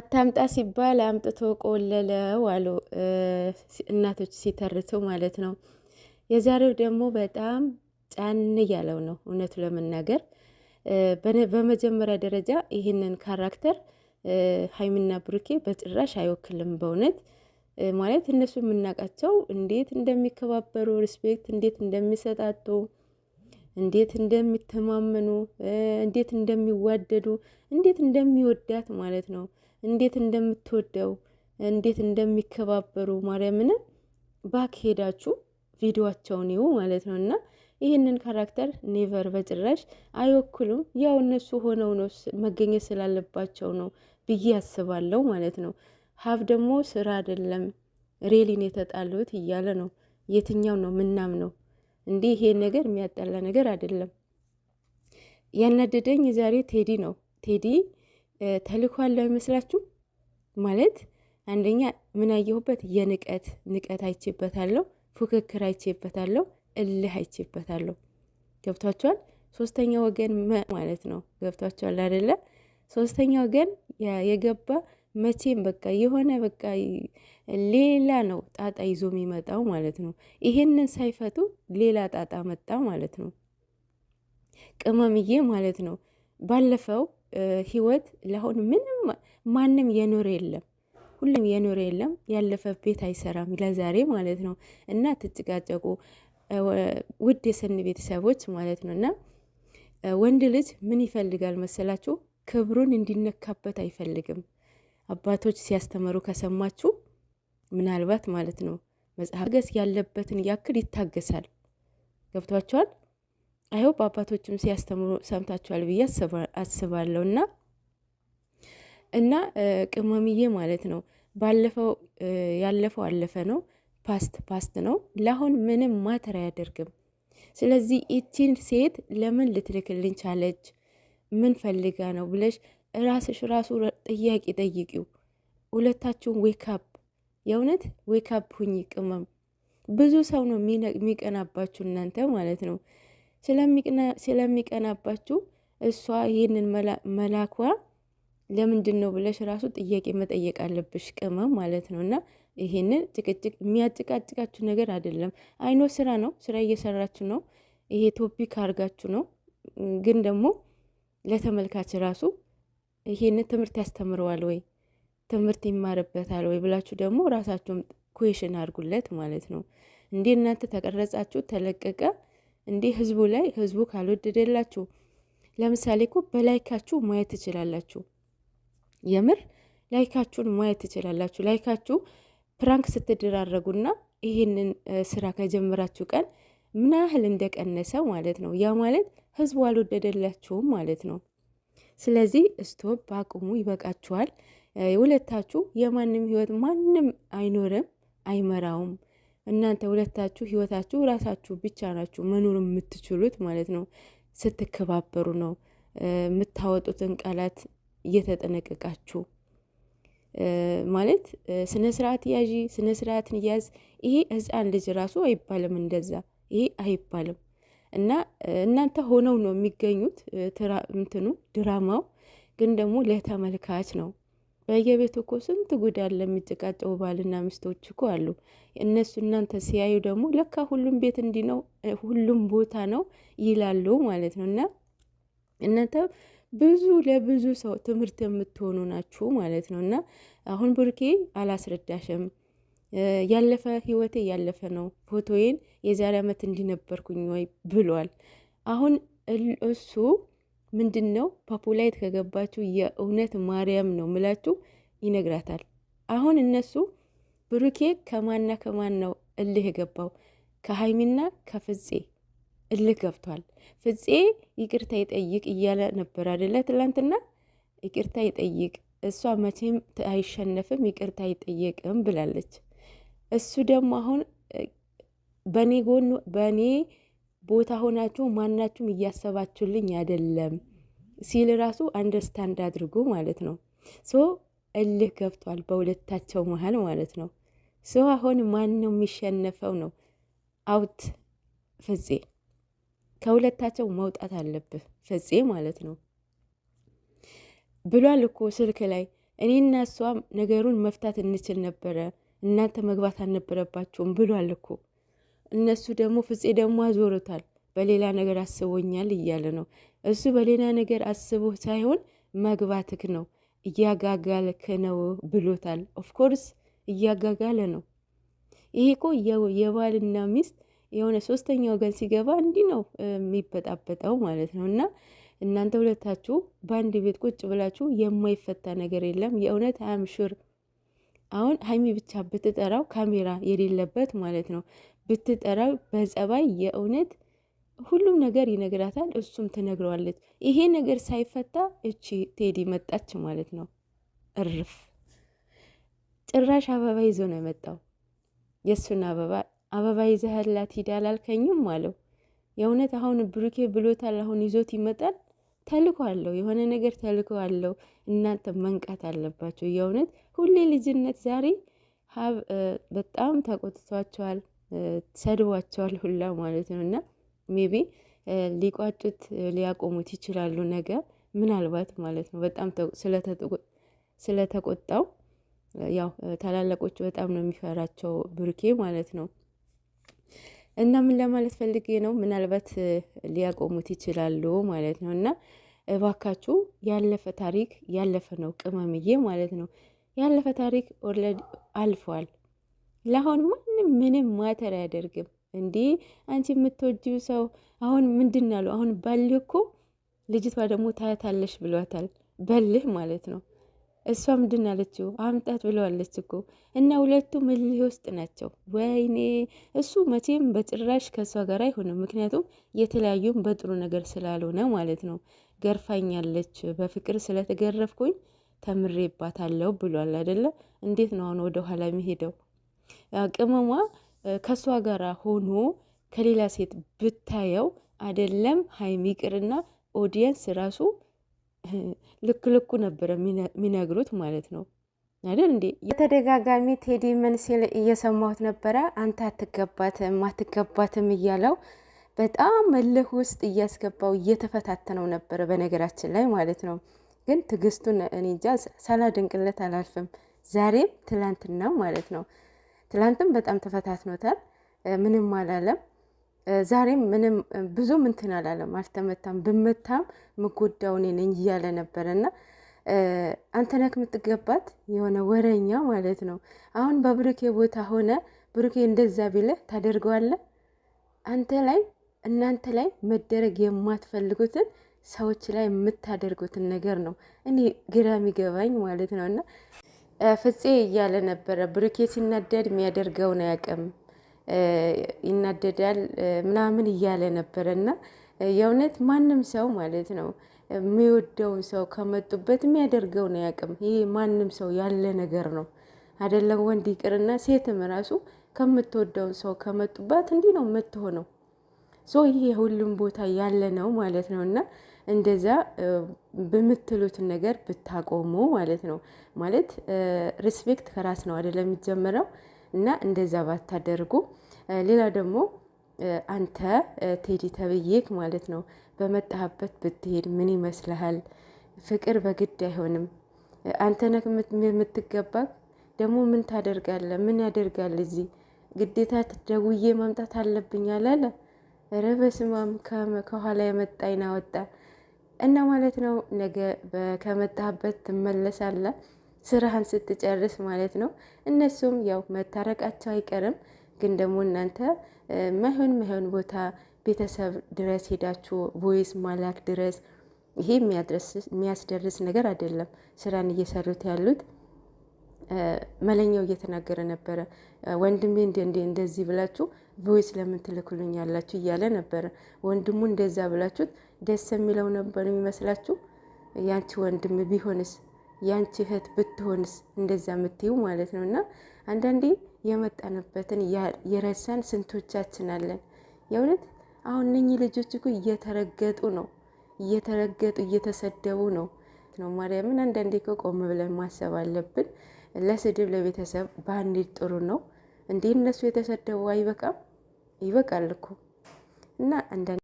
አታምጣ ሲባል አምጥቶ ቆለለው አሉ እናቶች ሲተርቱ ማለት ነው። የዛሬው ደግሞ በጣም ጫን እያለው ነው እውነቱ ለመናገር በመጀመሪያ ደረጃ ይህንን ካራክተር ሀይሚና ብሩኬ በጭራሽ አይወክልም። በእውነት ማለት እነሱ የምናውቃቸው እንዴት እንደሚከባበሩ ሪስፔክት እንዴት እንደሚሰጣጡ፣ እንዴት እንደሚተማመኑ፣ እንዴት እንደሚዋደዱ፣ እንዴት እንደሚወዳት ማለት ነው እንዴት እንደምትወደው እንዴት እንደሚከባበሩ ማርያምን ባክ ሄዳችሁ ቪዲዮቸውን ይው ማለት ነው። እና ይህንን ካራክተር ኔቨር በጭራሽ አይወክሉም። ያው እነሱ ሆነው ነው መገኘት ስላለባቸው ነው ብዬ ያስባለው ማለት ነው። ሀብ ደግሞ ስራ አይደለም ሬሊን የተጣሉት እያለ ነው። የትኛው ነው ምናም ነው እንዲህ ይሄ ነገር የሚያጣላ ነገር አይደለም። ያናደደኝ ዛሬ ቴዲ ነው ቴዲ ተልእኮ ያለው አይመስላችሁ? ማለት አንደኛ ምን አየሁበት? የንቀት ንቀት አይቼበታለሁ፣ ፉክክር አይቼበታለሁ፣ እልህ አይቼበታለሁ። ገብቷቸዋል። ሶስተኛ ወገን ማለት ነው። ገብቷቸዋል አይደለ? ሶስተኛ ወገን የገባ መቼም በቃ የሆነ በቃ ሌላ ነው ጣጣ ይዞ የሚመጣው ማለት ነው። ይሄንን ሳይፈቱ ሌላ ጣጣ መጣ ማለት ነው። ቅመምዬ ማለት ነው ባለፈው ህይወት ለአሁን ምንም ማንም የኖረ የለም ሁሉም የኖረ የለም። ያለፈ ቤት አይሰራም፣ ለዛሬ ማለት ነው እና ትጭጋጨቁ ውድ የሰኒ ቤተሰቦች ማለት ነው እና ወንድ ልጅ ምን ይፈልጋል መሰላችሁ? ክብሩን እንዲነካበት አይፈልግም። አባቶች ሲያስተምሩ ከሰማችሁ ምናልባት ማለት ነው መጽሐፍ ገስ ያለበትን ያክል ይታገሳል። ገብቷቸዋል። አይሆፕ አባቶችም ሲያስተምሩ ሰምታችኋል ብዬ አስባለሁ። እና እና ቅመምዬ ማለት ነው ባለፈው ያለፈው አለፈ ነው፣ ፓስት ፓስት ነው። ለአሁን ምንም ማተር አያደርግም። ስለዚህ ይቺን ሴት ለምን ልትልክልኝ ቻለች? ምን ፈልጋ ነው ብለሽ ራስሽ ራሱ ጥያቄ ጠይቂው። ሁለታችሁን ዌክፕ የእውነት ዌክፕ ሁኝ ቅመም። ብዙ ሰው ነው የሚቀናባችሁ እናንተ ማለት ነው። ስለሚቀናባችሁ እሷ ይህንን መላኳ ለምንድን ነው ብለሽ ራሱ ጥያቄ መጠየቅ አለብሽ። ቅመም ማለት ነው እና ይህንን ጭቅጭቅ የሚያጭቃጭቃችሁ ነገር አይደለም። አይኖ ስራ ነው፣ ስራ እየሰራችሁ ነው። ይሄ ቶፒክ አድርጋችሁ ነው። ግን ደግሞ ለተመልካች ራሱ ይሄንን ትምህርት ያስተምረዋል ወይ ትምህርት ይማርበታል ወይ ብላችሁ ደግሞ ራሳችሁም ኩዌሽን አድርጉለት ማለት ነው። እንዴ እናንተ ተቀረጻችሁ ተለቀቀ እንዴ ህዝቡ ላይ ህዝቡ ካልወደደላችሁ፣ ለምሳሌ እኮ በላይካችሁ ማየት ትችላላችሁ። የምር ላይካችሁን ማየት ትችላላችሁ። ላይካችሁ ፕራንክ ስትደራረጉና ይህንን ስራ ከጀመራችሁ ቀን ምን ያህል እንደቀነሰ ማለት ነው። ያ ማለት ህዝቡ አልወደደላችሁም ማለት ነው። ስለዚህ ስቶፕ አቁሙ፣ ይበቃችኋል። ሁለታችሁ የማንም ህይወት ማንም አይኖርም አይመራውም። እናንተ ሁለታችሁ ህይወታችሁ ራሳችሁ ብቻ ናችሁ መኖር የምትችሉት ማለት ነው። ስትከባበሩ ነው የምታወጡትን ቃላት እየተጠነቀቃችሁ ማለት ስነ ስርዓት ያዥ ስነ ስርዓትን እያዝ ይሄ ህፃን ልጅ ራሱ አይባልም፣ እንደዛ ይሄ አይባልም። እና እናንተ ሆነው ነው የሚገኙት እንትኑ ድራማው ግን ደግሞ ለተመልካች ነው በየቤቱ እኮ ስንት ጉድ አለ። ባልና ሚስቶች እኮ አሉ። እነሱ እናንተ ሲያዩ ደግሞ ለካ ሁሉም ቤት እንዲ ነው፣ ሁሉም ቦታ ነው ይላሉ ማለት ነው። እና እናንተ ብዙ ለብዙ ሰው ትምህርት የምትሆኑ ናችሁ ማለት ነው። እና አሁን ብሩኬ አላስረዳሽም። ያለፈ ህይወቴ ያለፈ ነው፣ ፎቶዬን የዛሬ ዓመት እንዲነበርኩኝ ወይ ብሏል። አሁን እሱ ምንድን ነው ፖፑላይት ከገባችሁ የእውነት ማርያም ነው ምላችሁ ይነግራታል። አሁን እነሱ ብሩኬ ከማና ከማን ነው እልህ የገባው? ከሀይሚና ከፍፄ እልህ ገብቷል። ፍፄ ይቅርታ ይጠይቅ እያለ ነበር አደለ? ትላንትና ይቅርታ ይጠይቅ እሷ መቼም አይሸነፍም ይቅርታ ይጠየቅም ብላለች። እሱ ደግሞ አሁን በእኔ ጎን በእኔ ቦታ ሆናችሁ ማናችሁም እያሰባችሁልኝ አይደለም ሲል ራሱ አንደርስታንድ አድርጉ ማለት ነው። ሶ እልህ ገብቷል በሁለታቸው መሀል ማለት ነው። ሶ አሁን ማን ነው የሚሸነፈው ነው አውት ፍፄ ከሁለታቸው መውጣት አለብህ ፍፄ ማለት ነው ብሏል እኮ ስልክ ላይ እኔና እሷም ነገሩን መፍታት እንችል ነበረ፣ እናንተ መግባት አልነበረባችሁም ብሏል እኮ። እነሱ ደግሞ ፍፄ ደግሞ አዞሩታል። በሌላ ነገር አስቦኛል እያለ ነው። እሱ በሌላ ነገር አስቦህ ሳይሆን መግባትክ ነው እያጋጋልክ ነው ብሎታል። ኦፍኮርስ እያጋጋለ ነው። ይሄ እኮ የባልና ሚስት የሆነ ሶስተኛ ወገን ሲገባ እንዲህ ነው የሚበጣበጠው ማለት ነው። እና እናንተ ሁለታችሁ በአንድ ቤት ቁጭ ብላችሁ የማይፈታ ነገር የለም። የእውነት አምሹር አሁን ሀይሚ ብቻ ብትጠራው ካሜራ የሌለበት ማለት ነው ብትጠራው በጸባይ የእውነት ሁሉም ነገር ይነግራታል። እሱም ትነግረዋለች። ይሄ ነገር ሳይፈታ እቺ ቴዲ መጣች ማለት ነው። እርፍ ጭራሽ አበባ ይዞ ነው የመጣው። የእሱን አበባ አበባ ይዘህላት ሂድ አላልከኝም አለው። የእውነት አሁን ብሩኬ ብሎታል። አሁን ይዞት ይመጣል። ተልኮ አለው፣ የሆነ ነገር ተልኮ አለው። እናንተ መንቃት አለባቸው። የእውነት ሁሌ ልጅነት ዛሬ ሀብ በጣም ተቆጥቷቸዋል፣ ሰድቧቸዋል ሁላ ማለት ነው እና ሜቢ ሊቋጩት ሊያቆሙት ይችላሉ። ነገ ምናልባት ማለት ነው። በጣም ስለተቆጣው ያው ታላላቆቹ በጣም ነው የሚፈራቸው ብሩኬ ማለት ነው። እና ምን ለማለት ፈልጌ ነው፣ ምናልባት ሊያቆሙት ይችላሉ ማለት ነው። እና እባካችሁ ያለፈ ታሪክ ያለፈ ነው ቅመምዬ ማለት ነው። ያለፈ ታሪክ ኦልሬዲ አልፏል። ለአሁን ማንም ምንም ማተር አያደርግም። እንዴ አንቺ የምትወጂው ሰው አሁን ምንድን አሉ? አሁን በልህ እኮ ልጅቷ ደግሞ ታያታለሽ ብሏታል። በልህ ማለት ነው። እሷ ምንድን ያለችው አምጣት ብለዋለች እኮ እና ሁለቱም እልህ ውስጥ ናቸው። ወይኔ እሱ መቼም በጭራሽ ከእሷ ጋር አይሆንም። ምክንያቱም የተለያዩም በጥሩ ነገር ስላልሆነ ማለት ነው። ገርፋኛለች፣ በፍቅር ስለተገረፍኩኝ ተምሬባታለሁ ብሏል አይደለ? እንዴት ነው አሁን ወደ ኋላ የሚሄደው? ቅመሟ ከእሷ ጋር ሆኖ ከሌላ ሴት ብታየው አይደለም ሀይሚ ይቅርና ኦዲየንስ ራሱ ልክ ልኩ ነበረ የሚነግሩት ማለት ነው አይደል እንዴ? በተደጋጋሚ ቴዲ ምን ሲል እየሰማሁት ነበረ፣ አንተ አትገባትም አትገባትም እያለው በጣም እልህ ውስጥ እያስገባው እየተፈታተነው ነበረ። በነገራችን ላይ ማለት ነው። ግን ትዕግስቱን እኔ እንጃ ሳላደንቅለት አላልፍም። ዛሬም ትላንትና ማለት ነው ትላንትም በጣም ተፈታትኖታል፣ ምንም አላለም። ዛሬም ምንም ብዙ ምንትን አላለም፣ አልተመታም። ብመታም ምጎዳው እኔ ነኝ እያለ ነበረ እና አንተ ነህ የምትገባት የሆነ ወረኛ ማለት ነው። አሁን በብሩኬ ቦታ ሆነ ብሩኬ እንደዛ ቢልህ ታደርገዋለህ? አንተ ላይ እናንተ ላይ መደረግ የማትፈልጉትን ሰዎች ላይ የምታደርጉትን ነገር ነው እኔ ግራ የሚገባኝ ማለት ነው እና ፍፄ እያለ ነበረ። ብሩኬ ሲናደድ የሚያደርገውን አያውቅም፣ ይናደዳል ምናምን እያለ ነበረ እና የእውነት ማንም ሰው ማለት ነው የሚወደውን ሰው ከመጡበት የሚያደርገውን አያውቅም። ይሄ ማንም ሰው ያለ ነገር ነው አይደለም። ወንድ ይቅርና ሴትም ራሱ ከምትወደውን ሰው ከመጡበት እንዲህ ነው የምትሆነው። ሶ ይሄ ሁሉም ቦታ ያለ ነው ማለት ነው እና እንደዛ በምትሉትን ነገር ብታቆሙ ማለት ነው። ማለት ሪስፔክት ከራስ ነው አደለ የሚጀምረው እና እንደዛ ባታደርጉ። ሌላ ደግሞ አንተ ቴዲ ተብዬክ ማለት ነው በመጣህበት ብትሄድ ምን ይመስልሃል? ፍቅር በግድ አይሆንም። አንተ ነህ የምትገባ። ደግሞ ምን ታደርጋለ? ምን ያደርጋል እዚህ ግዴታ ደውዬ መምጣት አለብኝ አላለ። ረበስማም ከኋላ የመጣ ይናወጣ እና ማለት ነው ነገ ከመጣህበት ትመለሳለ ስራህን ስትጨርስ ማለት ነው። እነሱም ያው መታረቃቸው አይቀርም። ግን ደግሞ እናንተ መሆን መሆን ቦታ ቤተሰብ ድረስ ሄዳችሁ ቮይስ ማላክ ድረስ ይሄ የሚያስደርስ ነገር አይደለም። ስራን እየሰሩት ያሉት መለኛው እየተናገረ ነበረ። ወንድሜ እንደ እንደዚህ ብላችሁ ቮይስ ለምን ትልኩልኝ ያላችሁ እያለ ነበረ። ወንድሙ እንደዛ ብላችሁት ደስ የሚለው ነበር የሚመስላችሁ? ያንቺ ወንድም ቢሆንስ ያንቺ እህት ብትሆንስ እንደዛ የምትዩ ማለት ነው። እና አንዳንዴ የመጣንበትን የረሳን ስንቶቻችን አለን። የእውነት አሁን እነኚህ ልጆች እኮ እየተረገጡ ነው፣ እየተረገጡ እየተሰደቡ ነው ነው ማርያምን አንዳንዴ እኮ ቆም ብለን ማሰብ አለብን። ለስድብ ለቤተሰብ ባንዲል ጥሩ ነው እንዴ? እነሱ የተሰደቡ አይበቃም? ይበቃል እኮ እና